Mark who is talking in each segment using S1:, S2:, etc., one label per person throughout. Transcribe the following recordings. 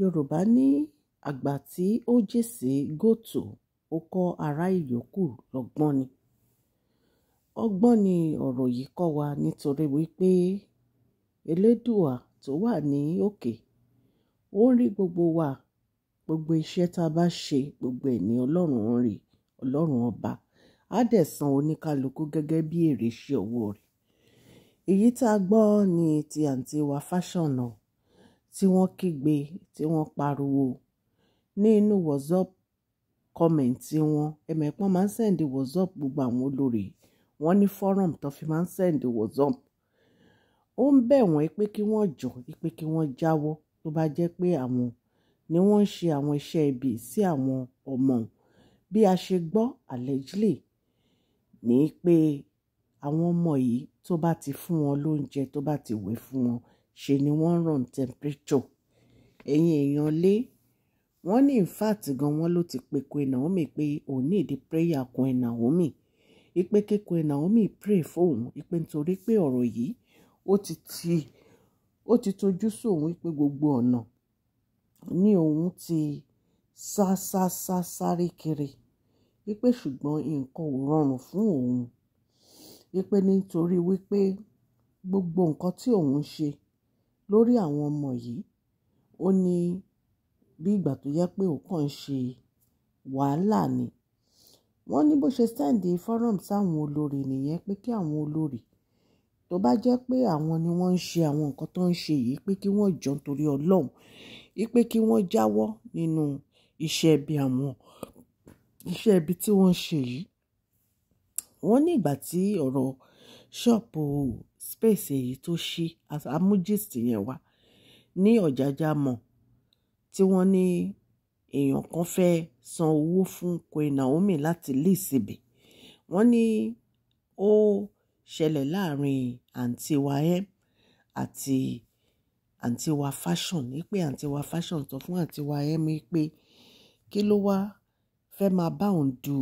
S1: yorùbá ní àgbà tí ó jèsè gòtò ó kọ́ ará ìyókù lọ́gbọ́n ni ọgbọ́n ni ọ̀rọ̀ yìí kọ́ wa nítorí wípé elédùà tó wà ní òkè ó ń rí gbogbo wa gbogbo iṣẹ́ tá a bá ṣe gbogbo ẹ̀ ní ń rí ọlọ́run ọba á dẹ̀ san oníkálukú gẹ́gẹ́ bí èrè iṣẹ́ owó rẹ̀ èyí tá a gbọ́ ni ti àǹtí wa fashion náà tí wọ́n kígbe tí wọ́n pariwo ní inú WhatsApp kọ́mẹ̀ǹtì wọn ẹ̀mẹ̀pọ́n máa ń sẹ́ǹdì WhatsApp gbogbo àwọn olórí wọn ní fọ́rọ̀m tó fi máa ń sẹ́ǹdì WhatsApp ó ń bẹ̀ wọ́n pé kí wọ́n jọ pé kí wọ́n jáwọ́ tó bá jẹ́ pé àwọn ni wọ́n ń ṣe àwọn iṣẹ́ ibi sí àwọn ọmọ bí a ṣe gbọ́ allegedly ní pé àwọn ọmọ yìí tó bá ti fún wọn lóúnjẹ tó bá ti wẹ̀ fún wọn ṣe ni wọ́n run temperature ẹ̀yin èèyàn lé wọ́n ní in fact gan wọ́n ló ti pe Queen Naomi pé òun ní ìdí prayer Queen Naomi ipe kí Queen pray fóun ipe nítorí pé ọ̀rọ̀ yìí ó ti ti ó ti tojú sóun pé gbogbo ọ̀nà ní òun ti sá sá sá sáré kiri wípé ṣùgbọ́n nǹkan ò rọrùn fún òun wípé nítorí wípé gbogbo nǹkan tí òun ṣe lórí àwọn ọmọ yìí ó ní bí ìgbà tó yẹ pé òun kàn ń ṣe wàhálà ni wọ́n ní bó ṣe sẹ́ǹdì fọ́rọ̀m sáwọn olórí nìyẹn pé kí àwọn olórí tó bá jẹ́ pé àwọn ni wọ́n ń ṣe àwọn nǹkan tó ń ṣe yìí pé kí wọ́n jọ nítorí ọlọ́run pé kí wọ́n jáwọ́ nínú iṣẹ́ ibi àwọn iṣẹ́ ibi tí wọ́n ń ṣe yìí wọ́n ní ìgbà tí ọ̀rọ̀ ṣọ́ọ̀pù space èyí tó ṣí amúgist yẹn wá ní ọ̀jájá mọ̀ tí wọ́n ní èèyàn kan fẹ́ san owó fún Queen Naomi láti lease ibẹ̀ wọ́n ní ó ṣẹlẹ̀ láàrin àǹtí wa m àti àǹtí wa fashion ní pé wa fashion sọ fún àǹtí wa m pé kí ló wá fẹ́ máa bá òun du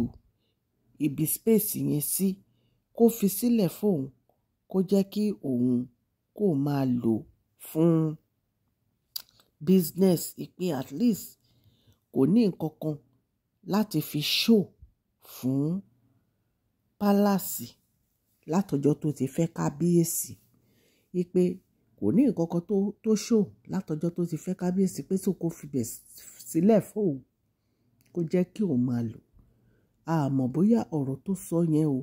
S1: ibi space yẹn sí. Si kó fi sílẹ̀ fóun kó jẹ́ kí òun kó máa lò fún business ìpín at least kò ní nǹkan kan láti fi show fún pálásì látọjọ́ tó ti fẹ́ kábíyèsí wípé kò ní nǹkan kan tó tó show látọjọ́ tó ti fẹ́ kábíyèsí pé tó kó fi bẹ̀ sílẹ̀ fóun kó jẹ́ kí òun máa lò àmọ́ bóyá ọ̀rọ̀ tó sọ yẹn o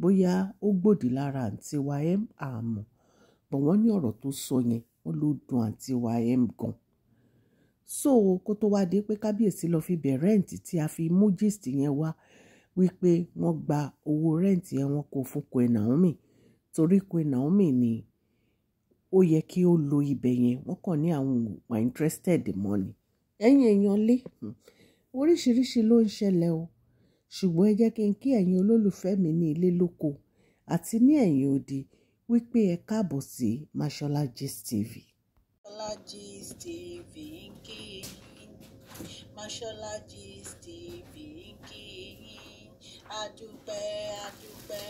S1: bóyá ó gbòdì lára àǹtí wa m àmọ́ bọ̀ wọ́n ní ọ̀rọ̀ tó sọ yẹn wọ́n ló dùn àǹtí wa m gan. so kó tó wá dé pé kábíyèsí lọ fi bẹ̀ rẹ́ǹtì tí a fi mú gist yẹn wá wípé wọ́n gba owó rẹ́ǹtì yẹn wọ́n kó fún Queen Naomi torí Queen Naomi ni ó yẹ kí ó lo ibẹ̀ yẹn wọ́n kàn ní àwọn wà interested mọ́ ni ẹ̀yin èèyàn lé hmm, oríṣiríṣi ló ń ṣẹlẹ̀ o ṣùgbọ́n ẹ jẹ́ kí n kí ẹ̀yin olólùfẹ́ mi ní ilé lóko àti ní ẹ̀yìn òde wípé ẹ káàbọ̀ sí Mashola Gist TV.
S2: Mashola Gist TV ń kí yín Gist TV ń kí adúpẹ́ adúpẹ́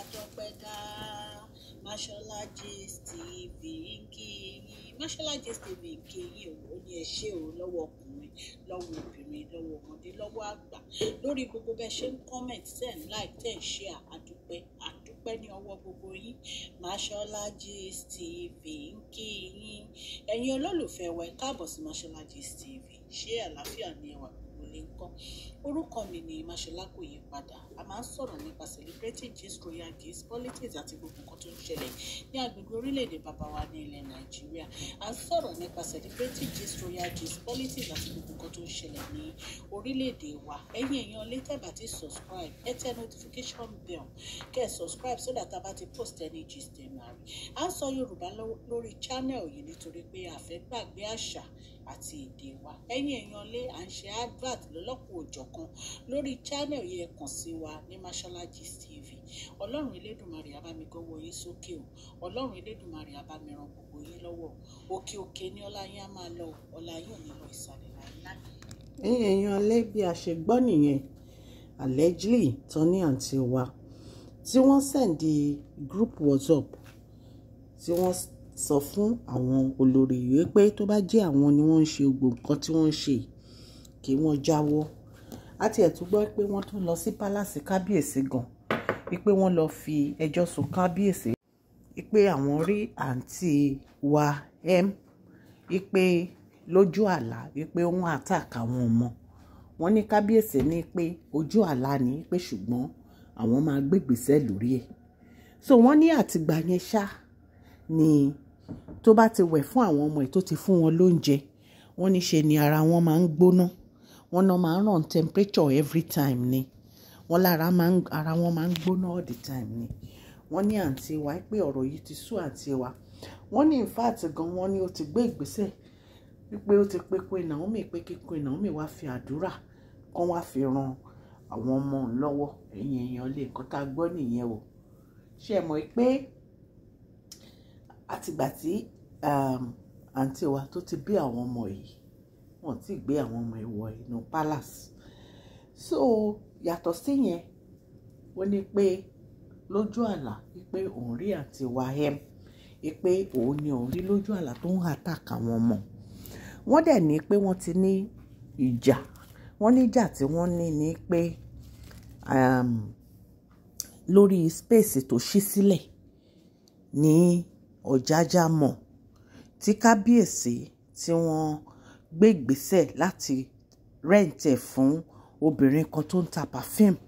S2: adúpẹ́ dáa. Mashola Gist TV ń kí yín Mashola Gist TV ń kí yín o ó ní ẹ ṣé o lọ́wọ́ ọkùnrin lọ́wọ́ obìnrin lọ́wọ́ ọmọdé lọ́wọ́ àgbà lórí gbogbo bẹ́ẹ̀ ṣe ń comment ten like ten share àdúpẹ́ àdúpẹ́ ní ọwọ́ gbogbo yín Mashola Gist TV ń kí yín ẹ̀yin olólùfẹ́ wa ẹ káàbọ̀ sí Mashola Gist TV ṣé àlàáfíà ni ẹwà gbogbo lè ń kọ́ orúkọ mi ni Máṣọlá kò yí padà a máa ń sọ̀rọ̀ nípa celebrity gist royal gist politics àti gbogbo nǹkan tó ń ṣẹlẹ̀ ní agbègbè orílẹ̀-èdè bàbá wa ní ilẹ̀ Nàìjíríà a ń sọ̀rọ̀ nípa celebrity gist royal gist politics àti gbogbo nǹkan tó ń ṣẹlẹ̀ ní orílẹ̀-èdè wa ẹ̀yin èèyàn létẹ̀bà ti subscribe ẹ tẹ notification bell kẹ́ ẹ subscribe so that a bá ti post any gist ẹ̀ máa rí a ń sọ Yorùbá lórí channel yìí nítorí pé a fẹ́ gbàgbé àṣà àti èdè wa ẹ̀yin èèyàn lé à ń ṣe advert lọ́lọ́kùn òjọ̀ kan lórí channel yẹn kàn sí wa ní Mashola TV ọlọ́run elédùnmarè abamigọ́wọ́ yín sókè o ọlọ́run elédùnmarè abamiran gbogbo yín lọ́wọ́ òkè òkè ní ọlá á máa lọ ọlá yín lọ ìsàlẹ̀
S1: láìláì. èèyàn lẹ́ bí a ṣe gbọ́ nìyẹn allegedly tọ́ní àǹtí wa tí wọ́n sẹ̀ǹdì group whatsapp tí wọ́n sọ fún àwọn olórí ìwé pé tó bá jẹ́ àwọn ni wọ́n ń ṣe gbogbo nǹkan tí wọ́n ń ṣe kí wọ́n jáwọ́ àti ẹ̀tún gbọ́ pé wọ́n tún lọ sí pálásì kábíyèsí gan wípé wọ́n lọ fi ẹjọ́ sùn kábíyèsí wípé àwọn rí àǹtí wa m wípé lójú àlá wípé wọ́n àtàkà àwọn ọmọ wọ́n ní kábíyèsí ní pé ojú àlá ni pé ṣùgbọ́n àwọn máa gbégbèsè lórí ẹ̀ so wọ́n ní àtìgbà yẹn ṣá ni tó bá ti wẹ̀ fún àwọn ọmọ ẹ̀ tó ti fún wọn lóúnjẹ wọ́n ní ṣe ni ara wọn máa ń gbóná. No wọ́n náà máa ń ràn temperature every time ni wọ́n lára máa ń ara wọn máa ń gbóná all the time ni wọ́n ní àǹtí wa pé ọ̀rọ̀ yìí ti sú àǹtí wa wọ́n ní in fact gan wọ́n ní ó ti gbé ìgbésẹ̀ wípé ó ti pé Queen Naomi pé kí Queen Naomi wá fi àdúrà kán wá fi ran àwọn ọmọ òun lọ́wọ́ ẹ̀yìn èèyàn lè nǹkan tá a gbọ́ nìyẹn o ṣe mọ̀ pé àtìgbà tí um, àǹtí wa tó ti bí àwọn ọmọ yìí wọn ti gbé àwọn ọmọ ẹ̀ wọ inú palace so yàtọ̀ síyẹn ó ní pé lójú àlá pé òun rí àǹtí Wahem pé òun ni òun rí lójú àlá tó ń attack àwọn ọmọ wọ́n dẹ̀ ní pé wọ́n ti ní ìjà wọ́n ní ìjà tí wọ́n ní ni pé um, lórí space tó ṣí sílẹ̀ ní Ọ̀jájá mọ̀ tí kábíyèsí tí wọ́n gbé ìgbésẹ̀ láti rẹ́ǹtì ẹ̀ fún obìnrin kan tó ń ta perfume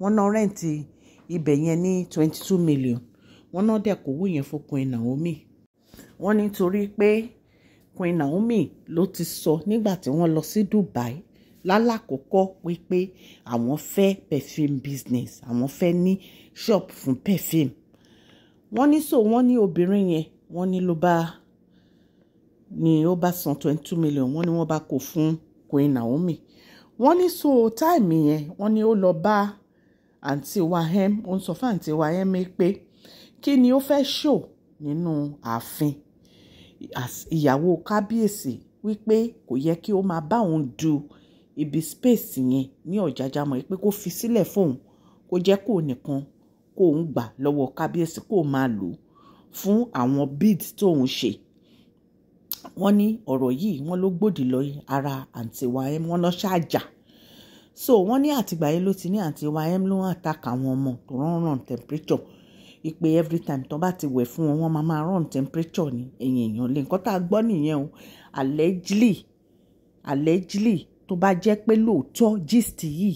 S1: wọ́n ná rẹ́ǹtì ibẹ̀ yẹn ní twenty two million wọ́n ná dẹ̀ kówó yẹn fún Queen Naomi wọ́n nítorí pé Queen Naomi ló ti sọ nígbà tí wọ́n lọ sí Dubai lálàkọ́kọ́ wípé àwọn fẹ́ perfume business àwọn fẹ́ ní shop fún perfume wọ́n ní so wọ́n ní obìnrin yẹn wọ́n ní ló bá ni ó bá san twenty two million wọ́n ní wọ́n bá kó fún Queen Naomi wọ́n ní so táìmì yẹn wọ́n ní ó lọ bá àǹtí Wahem ó ń sọ fún àǹtí Wahem pé kí ni ó fẹ́ ṣò nínú ààfin ìyàwó kábíyèsí wípé kò yẹ kí ó máa bá òun du ibi space yẹn ní ọ̀jájá mọ́ pé kó fi sílẹ̀ fóun kó jẹ́ kó nìkan kó òun gbà lọ́wọ́ kábíyèsí kó máa lò fún àwọn beads tóun ṣe wọ́n ní ọ̀rọ̀ yìí wọ́n ló gbòdì lọ ara àǹtí Wahab wọ́n lọ ṣáàjà so wọ́n ní àtìgbà yẹn ló ti ní àǹtí Wahab ló hàn tàkà àwọn ọmọ tó rán ràn temperature ìpè every time tán bá ti wẹ̀ fún wọn wọ́n máa máa rán temperature ní ẹ̀yìn èèyàn lé nǹkan tá a gbọ́ nìyẹn o allegedly allegedly tó bá jẹ́ pé lóòótọ́ gist yìí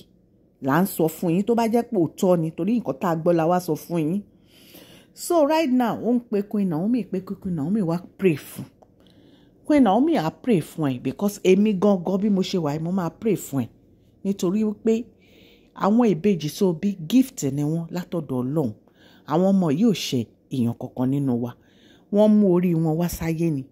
S1: là ń sọ fún yín tó bá jẹ́ pé òótọ́ ni torí nǹkan tá a gbọ́ la wá sọ fún yín so right now ó ń pe Queen Naomi pe Queen Naomi wá pray fún When Naomi á pray fún ẹ because èmi gangan bí mo ṣe wa mo máa pray fún ẹ nítorí wípé àwọn ìbejì tó bí gift ni wọ́n látọ̀dọ̀ Ọlọ́run àwọn ọmọ yìí ò ṣe èèyàn kankan nínú wa wọ́n mú orí wọn wá sáyé ni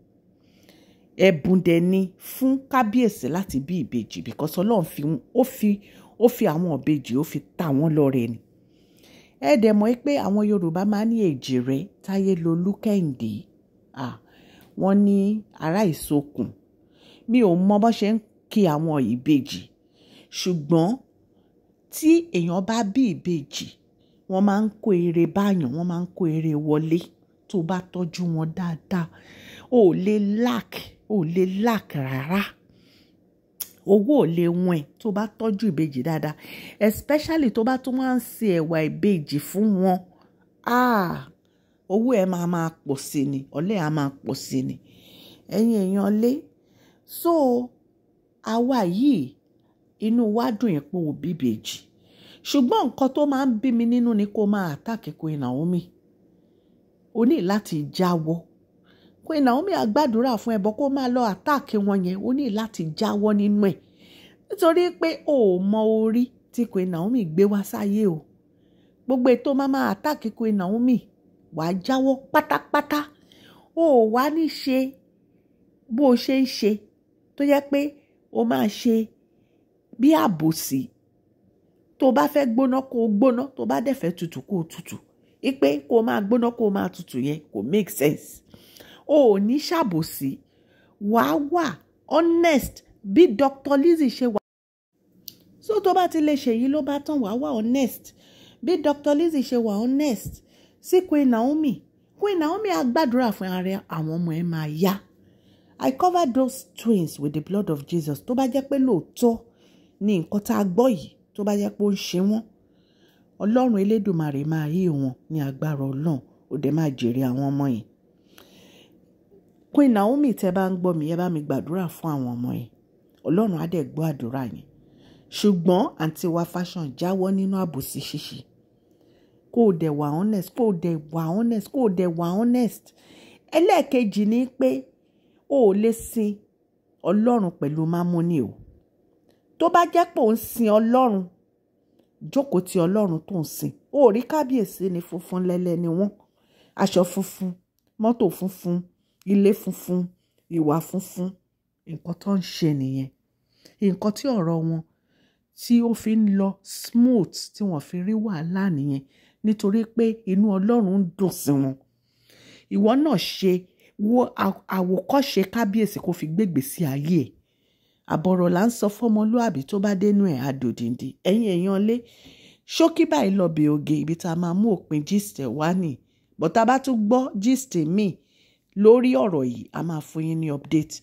S1: ẹ̀bùn dẹ̀ ni fún kábíyèsí láti bí ìbejì because Ọlọ́run fi ó fi ó fi àwọn ìbejì ó fi ta wọ́n lọ́rẹ ni ẹ dẹ̀ mọ̀ pé àwọn Yorùbá máa ń ní èjì rẹ̀ táyé lolú kẹ́hìndé ah wọ́n ní ará ìsokùn mi ò mọ bó ṣe ń kí àwọn ìbejì ṣùgbọ́n tí èèyàn bá bí ìbejì wọ́n máa ń kó eré báyàn wọ́n máa ń kó eré wọlé tó bá tọ́jú wọn dáadáa ò lè lack ò lè lack rárá owó ò lè wọ̀n tó bá tọ́jú ìbejì dáadáa especially tó bá tún wá ń ṣe ẹ̀wà ìbejì fún wọn ah owó ẹ máa máa pọ̀ sí ni ọ̀lẹ á máa pọ̀ sí ni ẹ̀yin èèyàn lé so àwa yìí inú wa dùn yẹn pé òbí bèjì ṣùgbọ́n nǹkan tó máa ń bí mi nínú ni kó máa àtàkì Queen Naomi o ní láti jáwọ́ Queen Naomi àgbàdúrà fún ẹ bọ́ kó máa lọ àtàkì wọn yẹn o ní láti jáwọ́ nínú ẹ̀ nítorí pé o ò mọ orí tí Queen Naomi gbé wá sáyé o gbogbo ètò máa máa àtàkì Queen Naomi wàá jáwọ́ pátápátá o ò wá ní ṣe bó o ṣe ń ṣe tó yẹ pé o máa ṣe bí àbòsí tó bá fẹ́ gbóná kó o gbóná tó bá dẹ̀ tutù kó o tutù ipe kó o máa gbóná kó o máa tutù yẹn kò make sense o ò ní ṣàbòsí wàá wà honest bí Dr. Lizzie ṣe wà. so tó bá ti lè ṣèyí ló bá tán wàá wà honest bí Dr. Lizzie ṣe wà honest sí Queen Naomi Queen Naomi á gbàdúrà fún ara àwọn ọmọ ẹ máa yá I cover those twins with the blood of Jesus tó bá jẹ́ pé lóòótọ́ ni nǹkan tá a gbọ́ yìí tó bá jẹ́ pé ó ń ṣe wọ́n Ọlọ́run Elédùmarè máa yí wọn ní agbára Ọlọ́run ó dẹ̀ máa jèrè àwọn ọmọ yìí Queen Naomi tẹ́ bá ń gbọ́ mi ẹ bá mi gbàdúrà fún àwọn ọmọ yìí Ọlọ́run á dẹ̀ gbọ́ àdúrà yẹn ṣùgbọ́n àǹtí wa fashion jáwọ́ nínú àbòsí ṣíṣe kó o dẹ̀ wà honest kó o dẹ̀ wà honest kó o dẹ̀ wà honest ẹlẹ́ẹ̀kejì ni pé o ò lè sin ọlọ́run pẹ̀lú mámúni o tó bá jẹ́ pé ò ń sin ọlọ́run jókòó ti ọlọ́run tó ń sin o ò rí kábíyèsí ni funfun lẹ́lẹ́ ni wọ́n aṣọ funfun mọ́tò funfun ilé funfun ìwà funfun nǹkan tó ń ṣe nìyẹn nǹkan tí ọ̀rọ̀ wọn tí fi ń lọ smooth tí wọ́n fi rí wàhálà nìyẹn nítorí pé inú ọlọ́run ń dùn sí wọn ìwọ náà ṣe wo àwòkọ́ṣe kábíyèsí kó fi gbégbé sí ayé ẹ̀ àbọ̀rọ̀ là ń sọ fọ́mọlúàbí tó bá dénú ẹ̀ àdòdìndì ẹ̀yìn èèyàn lé ṣókí báyìí lọ bè oge ibi tá a máa mú òpin gist wá nì bọ́tà bá tún gbọ́ gist míì lórí ọ̀rọ̀ yìí a máa fún yín ní update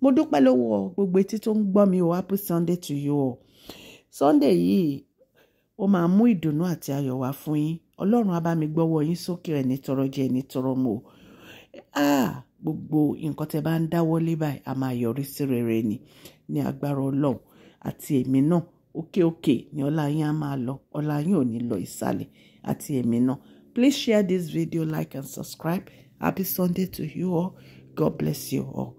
S1: mo dúpẹ́ lọ́wọ́ gbogbo etí tó ń gbọ́ mi o happy sunday to you o sunday yìí ó máa mú ìdùnnú àti ayọ̀ wá fún yín ọlọ́run á bá mi gbọ́wọ́ yín sókè ẹni tọrọ jẹ ẹni tọrọ o ah gbogbo nǹkan tẹ bá ń dáwọ́lé báyìí a máa yọrí sí rere ni ní agbára ọlọ́run àti èmi náà òkè òkè ni ọlá yín á máa lọ ọlá yín ò ní lọ ìsàlẹ̀ àti èmi náà please share this video like and subscribe
S2: happy sunday to you all god bless you all.